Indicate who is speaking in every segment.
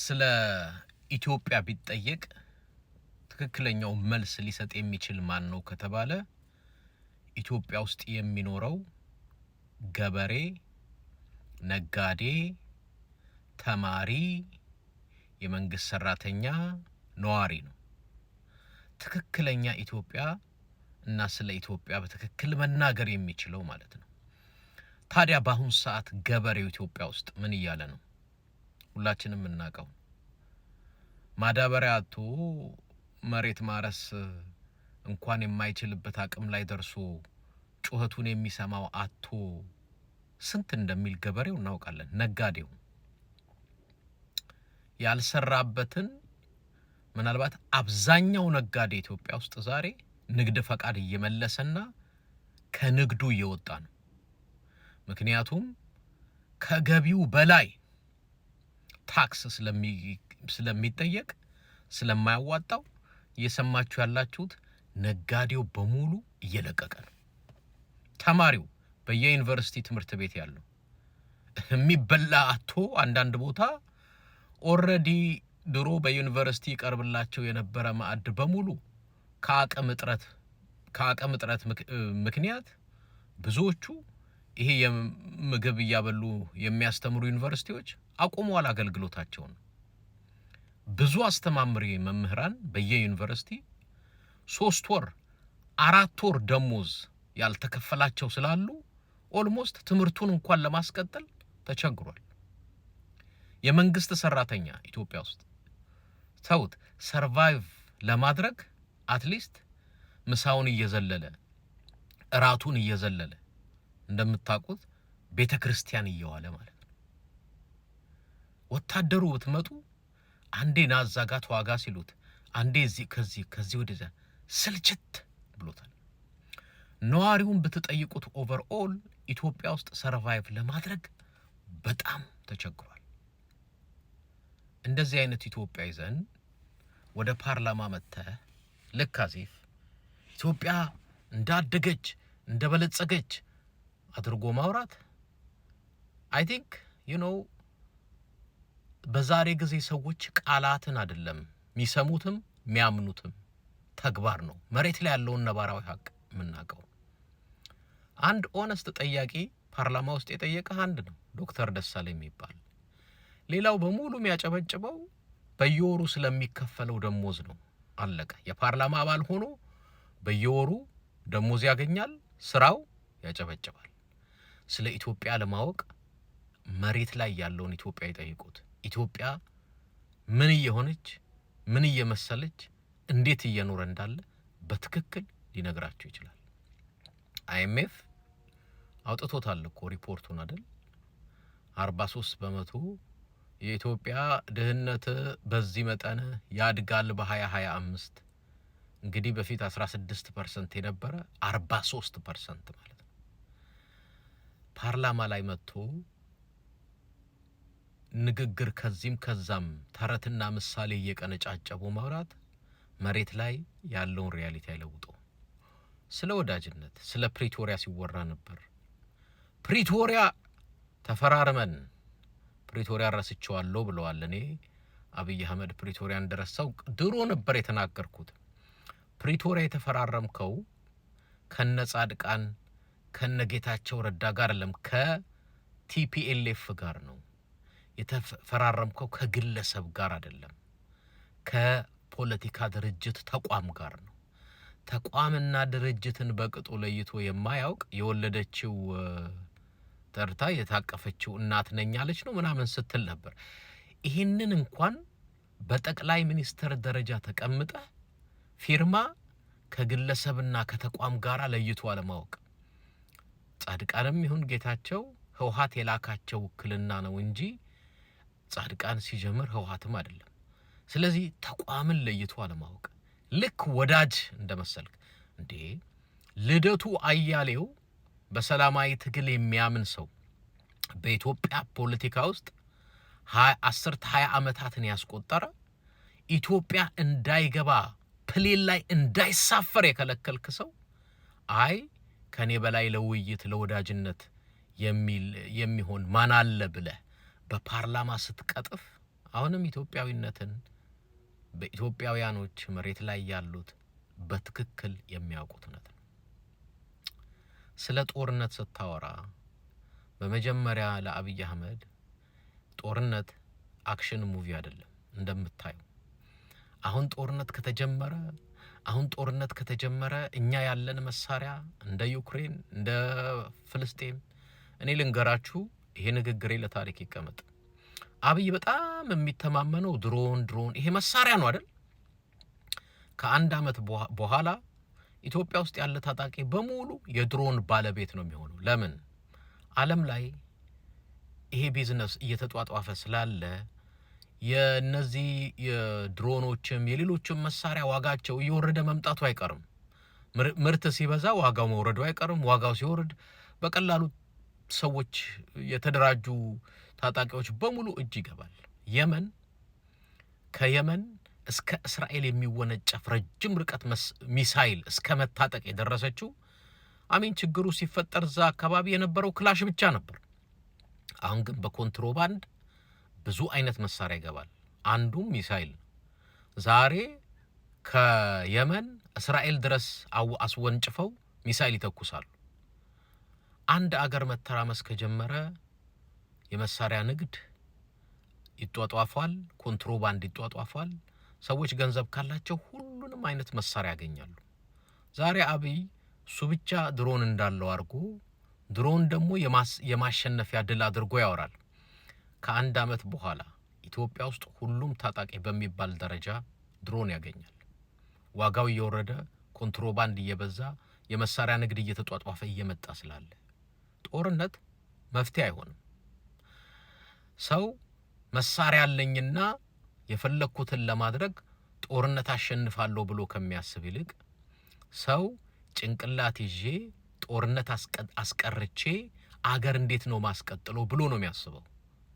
Speaker 1: ስለ ኢትዮጵያ ቢጠየቅ ትክክለኛው መልስ ሊሰጥ የሚችል ማን ነው ከተባለ ኢትዮጵያ ውስጥ የሚኖረው ገበሬ፣ ነጋዴ፣ ተማሪ፣ የመንግስት ሰራተኛ፣ ነዋሪ ነው። ትክክለኛ ኢትዮጵያ እና ስለ ኢትዮጵያ በትክክል መናገር የሚችለው ማለት ነው። ታዲያ በአሁኑ ሰዓት ገበሬው ኢትዮጵያ ውስጥ ምን እያለ ነው? ሁላችንም የምናውቀው ማዳበሪያ አቶ መሬት ማረስ እንኳን የማይችልበት አቅም ላይ ደርሶ ጩኸቱን የሚሰማው አቶ ስንት እንደሚል ገበሬው እናውቃለን። ነጋዴው ያልሰራበትን ምናልባት አብዛኛው ነጋዴ ኢትዮጵያ ውስጥ ዛሬ ንግድ ፈቃድ እየመለሰና ከንግዱ እየወጣ ነው። ምክንያቱም ከገቢው በላይ ታክስ ስለሚጠየቅ ስለማያዋጣው እየሰማችሁ ያላችሁት ነጋዴው በሙሉ እየለቀቀ ነው። ተማሪው በየዩኒቨርሲቲ ትምህርት ቤት ያለው የሚበላ አቶ አንዳንድ ቦታ ኦረዲ ድሮ በዩኒቨርሲቲ ይቀርብላቸው የነበረ ማዕድ በሙሉ ከአቅም እጥረት ከአቅም እጥረት ምክንያት ብዙዎቹ ይሄ የምግብ እያበሉ የሚያስተምሩ ዩኒቨርሲቲዎች አቁመዋል አገልግሎታቸውን። ብዙ አስተማምሪ መምህራን በየዩኒቨርሲቲ ሶስት ወር አራት ወር ደሞዝ ያልተከፈላቸው ስላሉ ኦልሞስት ትምህርቱን እንኳን ለማስቀጠል ተቸግሯል። የመንግስት ሰራተኛ ኢትዮጵያ ውስጥ ተውት፣ ሰርቫይቭ ለማድረግ አትሊስት ምሳውን እየዘለለ እራቱን እየዘለለ እንደምታውቁት ቤተ ክርስቲያን እየዋለ ማለት ነው። ወታደሩ ብትመጡ አንዴ ናዛጋ ተዋጋ ሲሉት አንዴ እዚህ ከዚህ ከዚህ ወደዚያ ስልችት ብሎታል። ነዋሪውን ብትጠይቁት ኦቨር ኦል ኢትዮጵያ ውስጥ ሰርቫይቭ ለማድረግ በጣም ተቸግሯል። እንደዚህ አይነት ኢትዮጵያ ይዘን ወደ ፓርላማ መጥተህ ልክ አዜብ ኢትዮጵያ እንዳደገች እንደበለጸገች አድርጎ ማውራት አይ ቲንክ ዩ ኖው በዛሬ ጊዜ ሰዎች ቃላትን አይደለም የሚሰሙትም የሚያምኑትም ተግባር ነው። መሬት ላይ ያለውን ነባራዊ ሀቅ የምናውቀው አንድ ኦነስት ጠያቂ ፓርላማ ውስጥ የጠየቀህ አንድ ነው፣ ዶክተር ደሳለኝ የሚባል ሌላው በሙሉ የሚያጨበጭበው በየወሩ ስለሚከፈለው ደሞዝ ነው። አለቀ። የፓርላማ አባል ሆኖ በየወሩ ደሞዝ ያገኛል፣ ስራው ያጨበጭባል። ስለ ኢትዮጵያ ለማወቅ መሬት ላይ ያለውን ኢትዮጵያ ይጠይቁት። ኢትዮጵያ ምን እየሆነች ምን እየመሰለች እንዴት እየኖረ እንዳለ በትክክል ሊነግራቸው ይችላል። አይኤምኤፍ አውጥቶታል እኮ ሪፖርቱን አይደል? አርባ ሶስት በመቶ የኢትዮጵያ ድህነት በዚህ መጠን ያድጋል በሀያ ሀያ አምስት እንግዲህ በፊት አስራ ስድስት ፐርሰንት የነበረ አርባ ሶስት ፐርሰንት ማለት ነው። ፓርላማ ላይ መጥቶ ንግግር ከዚህም ከዛም ተረትና ምሳሌ እየቀነጫጨቡ ማውራት መሬት ላይ ያለውን ሪያሊቲ አይለውጡ። ስለ ወዳጅነት ስለ ፕሪቶሪያ ሲወራ ነበር። ፕሪቶሪያ ተፈራርመን ፕሪቶሪያ ረስቸዋለሁ ብለዋል። እኔ አብይ አህመድ ፕሪቶሪያ እንደረሳው ድሮ ነበር የተናገርኩት። ፕሪቶሪያ የተፈራረምከው ከነ ጻድቃን ከነ ጌታቸው ረዳ ጋር አይደለም ከቲፒኤልኤፍ ጋር ነው። የተፈራረምከው ከግለሰብ ጋር አይደለም፣ ከፖለቲካ ድርጅት ተቋም ጋር ነው። ተቋምና ድርጅትን በቅጡ ለይቶ የማያውቅ የወለደችው ተርታ የታቀፈችው እናት ነኝ አለች ነው ምናምን ስትል ነበር። ይህንን እንኳን በጠቅላይ ሚኒስትር ደረጃ ተቀምጠ ፊርማ ከግለሰብና ከተቋም ጋር ለይቶ አለማወቅ ጻድቃንም ይሁን ጌታቸው ህውሀት የላካቸው ውክልና ነው እንጂ ጻድቃን ሲጀምር ህወሓትም አይደለም። ስለዚህ ተቋምን ለይቶ አለማወቅ ልክ ወዳጅ እንደመሰልክ እንዴ ልደቱ አያሌው በሰላማዊ ትግል የሚያምን ሰው በኢትዮጵያ ፖለቲካ ውስጥ አስርተ ሀያ ዓመታትን ያስቆጠረ ኢትዮጵያ እንዳይገባ ፕሌን ላይ እንዳይሳፈር የከለከልክ ሰው አይ ከኔ በላይ ለውይይት ለወዳጅነት የሚሆን ማን አለ ብለህ በፓርላማ ስትቀጥፍ አሁንም ኢትዮጵያዊነትን በኢትዮጵያውያኖች መሬት ላይ ያሉት በትክክል የሚያውቁት እውነት ነው። ስለ ጦርነት ስታወራ በመጀመሪያ ለአብይ አህመድ ጦርነት አክሽን ሙቪ አይደለም። እንደምታየው አሁን ጦርነት ከተጀመረ አሁን ጦርነት ከተጀመረ እኛ ያለን መሳሪያ እንደ ዩክሬን እንደ ፍልስጤም እኔ ልንገራችሁ ይሄ ንግግሬ ለታሪክ ይቀመጥ። አብይ በጣም የሚተማመነው ድሮን ድሮን ይሄ መሳሪያ ነው አይደል? ከአንድ አመት በኋላ ኢትዮጵያ ውስጥ ያለ ታጣቂ በሙሉ የድሮን ባለቤት ነው የሚሆነው። ለምን? አለም ላይ ይሄ ቢዝነስ እየተጧጧፈ ስላለ የነዚህ የድሮኖችም የሌሎችም መሳሪያ ዋጋቸው እየወረደ መምጣቱ አይቀርም። ምርት ሲበዛ ዋጋው መውረዱ አይቀርም። ዋጋው ሲወርድ በቀላሉ ሰዎች የተደራጁ ታጣቂዎች በሙሉ እጅ ይገባል። የመን ከየመን እስከ እስራኤል የሚወነጨፍ ረጅም ርቀት ሚሳይል እስከ መታጠቅ የደረሰችው አሚን ችግሩ ሲፈጠር እዛ አካባቢ የነበረው ክላሽ ብቻ ነበር። አሁን ግን በኮንትሮባንድ ብዙ አይነት መሳሪያ ይገባል። አንዱም ሚሳይል ዛሬ ከየመን እስራኤል ድረስ አስወንጭፈው ሚሳይል ይተኩሳሉ። አንድ አገር መተራመስ ከጀመረ የመሳሪያ ንግድ ይጧጧፋል፣ ኮንትሮባንድ ይጧጧፋል። ሰዎች ገንዘብ ካላቸው ሁሉንም አይነት መሳሪያ ያገኛሉ። ዛሬ አብይ እሱ ብቻ ድሮን እንዳለው አድርጎ ድሮን ደግሞ የማሸነፊያ ድል አድርጎ ያወራል። ከአንድ አመት በኋላ ኢትዮጵያ ውስጥ ሁሉም ታጣቂ በሚባል ደረጃ ድሮን ያገኛል። ዋጋው እየወረደ ኮንትሮባንድ እየበዛ የመሳሪያ ንግድ እየተጧጧፈ እየመጣ ስላለ ጦርነት መፍትሄ አይሆንም። ሰው መሳሪያ አለኝና የፈለግኩትን ለማድረግ ጦርነት አሸንፋለሁ ብሎ ከሚያስብ ይልቅ ሰው ጭንቅላት ይዤ ጦርነት አስቀርቼ አገር እንዴት ነው ማስቀጥለው ብሎ ነው የሚያስበው።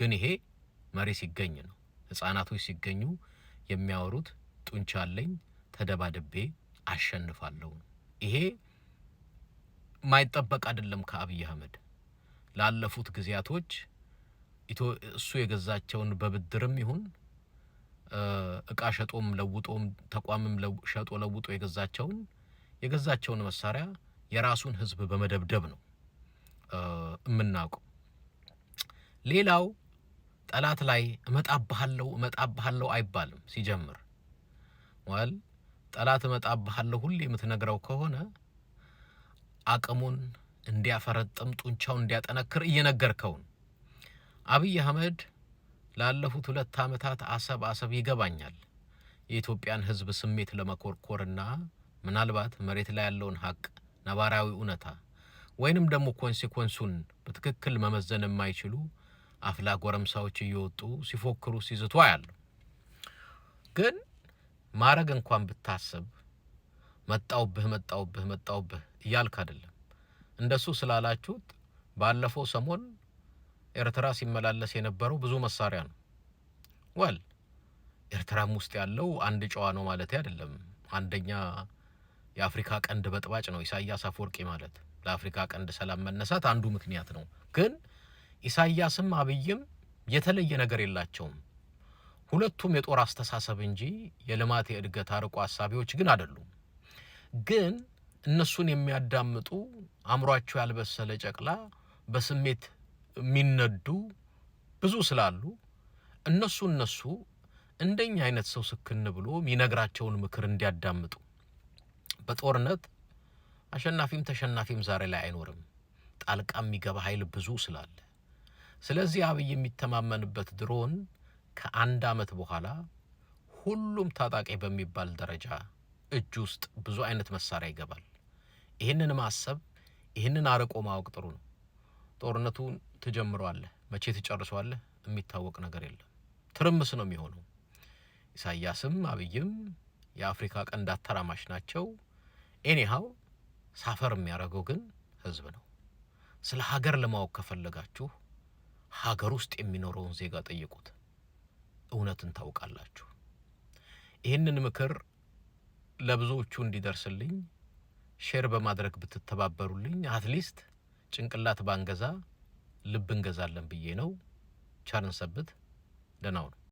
Speaker 1: ግን ይሄ መሪ ሲገኝ ነው። ሕፃናቶች ሲገኙ የሚያወሩት ጡንቻ አለኝ፣ ተደባድቤ አሸንፋለሁ። ይሄ ማይጠበቅ አይደለም ከአብይ አህመድ ላለፉት ጊዜያቶች እሱ የገዛቸውን በብድርም ይሁን እቃ ሸጦም ለውጦም ተቋምም ሸጦ ለውጦ የገዛቸውን የገዛቸውን መሳሪያ የራሱን ህዝብ በመደብደብ ነው የምናውቀው። ሌላው ጠላት ላይ እመጣብሃለሁ እመጣብሃለሁ አይባልም። ሲጀምር ዋል ጠላት እመጣብሃለሁ ሁሌ የምትነግረው ከሆነ አቅሙን እንዲያፈረጥም ጡንቻው እንዲያጠነክር እየነገርከው አብይ አህመድ ላለፉት ሁለት ዓመታት አሰብ አሰብ ይገባኛል የኢትዮጵያን ሕዝብ ስሜት ለመኮርኮርና ምናልባት መሬት ላይ ያለውን ሀቅ ነባራዊ እውነታ ወይንም ደግሞ ኮንሲኮንሱን በትክክል መመዘን የማይችሉ አፍላ ጎረምሳዎች እየወጡ ሲፎክሩ ሲዝቱ አያለሁ። ግን ማረግ እንኳን ብታስብ መጣውብህ መጣውብህ መጣውብህ እያልክ አይደለም። እንደሱ ስላላችሁት ባለፈው ሰሞን ኤርትራ ሲመላለስ የነበረው ብዙ መሳሪያ ነው። ወል ኤርትራም ውስጥ ያለው አንድ ጨዋ ነው ማለት አይደለም። አንደኛ የአፍሪካ ቀንድ በጥባጭ ነው ኢሳያስ አፈወርቂ ማለት። ለአፍሪካ ቀንድ ሰላም መነሳት አንዱ ምክንያት ነው። ግን ኢሳያስም አብይም የተለየ ነገር የላቸውም። ሁለቱም የጦር አስተሳሰብ እንጂ የልማት የእድገት አርቆ ሀሳቢዎች ግን አይደሉም። ግን እነሱን የሚያዳምጡ አእምሯቸው ያልበሰለ ጨቅላ በስሜት የሚነዱ ብዙ ስላሉ እነሱ እነሱ እንደኛ አይነት ሰው ስክን ብሎ የሚነግራቸውን ምክር እንዲያዳምጡ። በጦርነት አሸናፊም ተሸናፊም ዛሬ ላይ አይኖርም። ጣልቃ የሚገባ ኃይል ብዙ ስላለ፣ ስለዚህ አብይ የሚተማመንበት ድሮን ከአንድ አመት በኋላ ሁሉም ታጣቂ በሚባል ደረጃ እጅ ውስጥ ብዙ አይነት መሳሪያ ይገባል። ይህንን ማሰብ ይህንን አርቆ ማወቅ ጥሩ ነው። ጦርነቱን ትጀምረዋለህ፣ መቼ ትጨርሷለህ የሚታወቅ ነገር የለም። ትርምስ ነው የሚሆነው። ኢሳያስም አብይም የአፍሪካ ቀንድ አተራማሽ ናቸው። ኤኒሃው ሳፈር የሚያደርገው ግን ህዝብ ነው። ስለ ሀገር ለማወቅ ከፈለጋችሁ ሀገር ውስጥ የሚኖረውን ዜጋ ጠይቁት፣ እውነትን ታውቃላችሁ። ይህንን ምክር ለብዙዎቹ እንዲደርስልኝ ሼር በማድረግ ብትተባበሩልኝ አትሊስት ጭንቅላት ባንገዛ ልብ እንገዛለን ብዬ ነው። ቻርን ሰብት